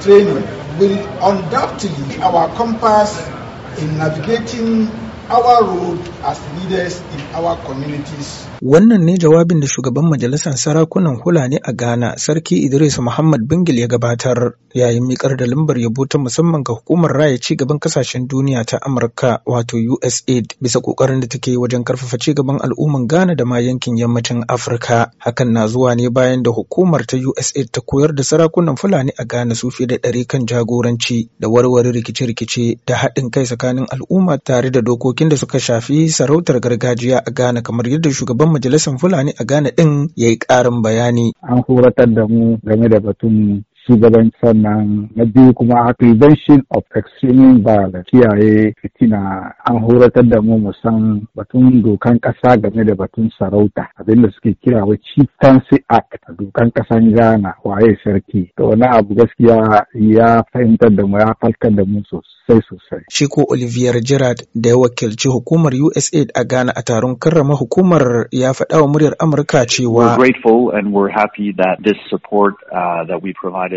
training will undoubtedly our compass in navigating our role as leaders in our communities. Wannan ne jawabin da shugaban majalisar sarakunan hula ne a Ghana, Sarki Idris Muhammad Bingil ya gabatar yayin miƙar da lambar yabo ta musamman ga hukumar raya ci gaban kasashen duniya ta Amurka wato USAID bisa kokarin da take wajen karfafa ci gaban al'umman Ghana da ma yankin yammacin Afirka. Hakan na zuwa ne bayan da hukumar ta USAID ta koyar da sarakunan Fulani a Ghana su fiye da ɗari kan jagoranci da warware rikice-rikice da haɗin kai tsakanin al'umma tare da dokoki harkokin da suka shafi sarautar gargajiya a Ghana kamar yadda shugaban majalisar Fulani a Ghana din ya yi ƙarin bayani. An horatar da mu game da batun shugabanci sannan na biyu kuma prevention of extreme violence kiyaye fitina an horatar da mu musan batun dokan kasa game da batun sarauta abinda suke kira wa a act dokan kasan ghana waye sarki to wani abu gaskiya ya fahimtar da mu ya falkar da mu sosai sosai shi olivier gerard da ya wakilci hukumar usaid a ghana a taron karrama hukumar ya faɗa wa muryar amurka cewa grateful and we're happy that this support uh, we provide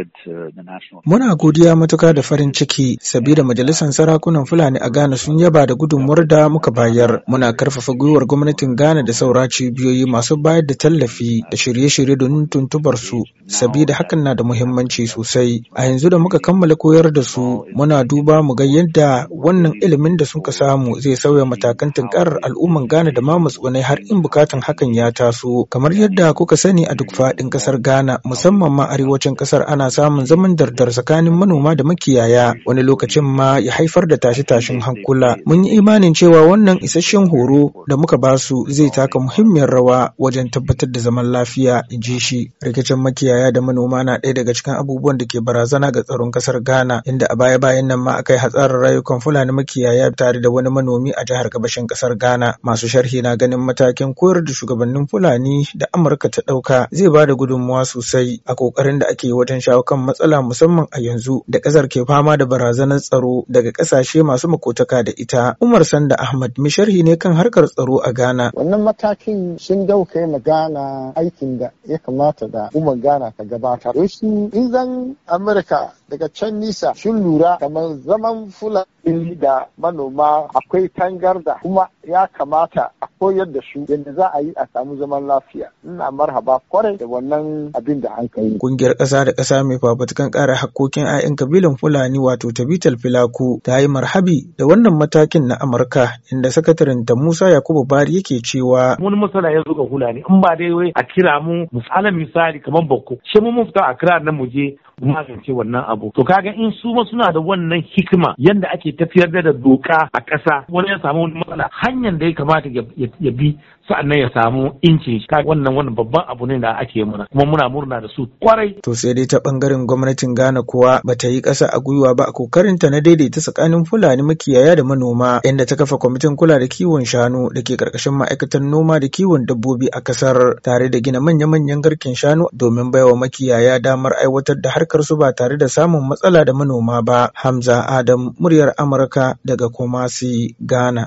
Muna godiya matuka da farin ciki sabida majalisar sarakunan Fulani a Ghana sun yaba da gudunmuwar da muka bayar. Muna karfafa gwiwar gwamnatin Ghana da saura cibiyoyi masu bayar da tallafi da shirye-shirye don tuntubar su sabida hakan na da muhimmanci sosai. A yanzu da muka kammala koyar da su muna duba mu ga yadda wannan ilimin da suka samu zai sauya matakan tunkarar al'umman Ghana da ma matsugunai har in bukatan hakan ya taso. Kamar yadda kuka sani a duk faɗin ƙasar Ghana musamman ma arewacin ƙasar ana ana samun zaman dardar tsakanin manoma da makiyaya wani lokacin ma ya haifar da tashe-tashen hankula. Mun yi imanin cewa wannan isasshen horo da muka ba su zai taka muhimmiyar rawa wajen tabbatar da zaman lafiya in ji shi. Rikicin makiyaya da manoma na ɗaya daga cikin abubuwan da ke barazana ga tsaron ƙasar Ghana inda a baya-bayan nan ma aka yi hatsarin rayukan Fulani makiyaya tare da wani manomi a jihar gabashin ƙasar Ghana. Masu sharhi na ganin matakin koyar da shugabannin Fulani da Amurka ta ɗauka zai ba da gudunmawa sosai a ƙoƙarin da ake wajen sha shawo kan matsala musamman a yanzu da ƙasar ke fama da barazanar tsaro daga ƙasashe masu makotaka da ita. Umar Sanda Ahmad sharhi ne kan harkar tsaro a Ghana. Wannan matakin sun dauke ma Ghana aikin da ya kamata da umar Ghana ta gabatar. Wasu in zan Amurka daga can nisa sun lura kamar zaman Fulani fili da manoma akwai tangarda kuma ya kamata a koyar da su yadda za a yi a samu zaman lafiya ina marhaba kwarai da wannan abin da an kai kungiyar ƙasa da ƙasa mai fafatukan ƙara hakkokin 'ya'yan kabilan fulani wato tabital filaku ta yi marhabi da wannan matakin na amurka inda sakataren ta musa yakubu bari yake cewa mun musala ya zuga fulani in ba dai wai a kira mu misalin misali kamar bako. shi mun fita a kira nan mu je magance wannan abu to kaga in su ma suna da wannan hikima yanda ake tafiyar da doka a ƙasa wani ya samu wani matsala hanyar da ya kamata ya bi sa'annan ya samu inci wannan wannan babban abu ne da ake muna kuma muna murna da su kwarai to sai dai ta bangaren gwamnatin Ghana kuwa ta yi ƙasa a gwiwa ba a kokarin ta na daidaita tsakanin Fulani makiyaya da manoma inda ta kafa kwamitin kula da kiwon shanu da ke karkashin ma'aikatan noma da kiwon dabbobi a kasar tare da gina manya-manyan garkin shanu domin baiwa makiyaya damar aiwatar da harkar su ba tare da samun matsala da manoma ba Hamza Adam muryar Amurka daga Kumasi Ghana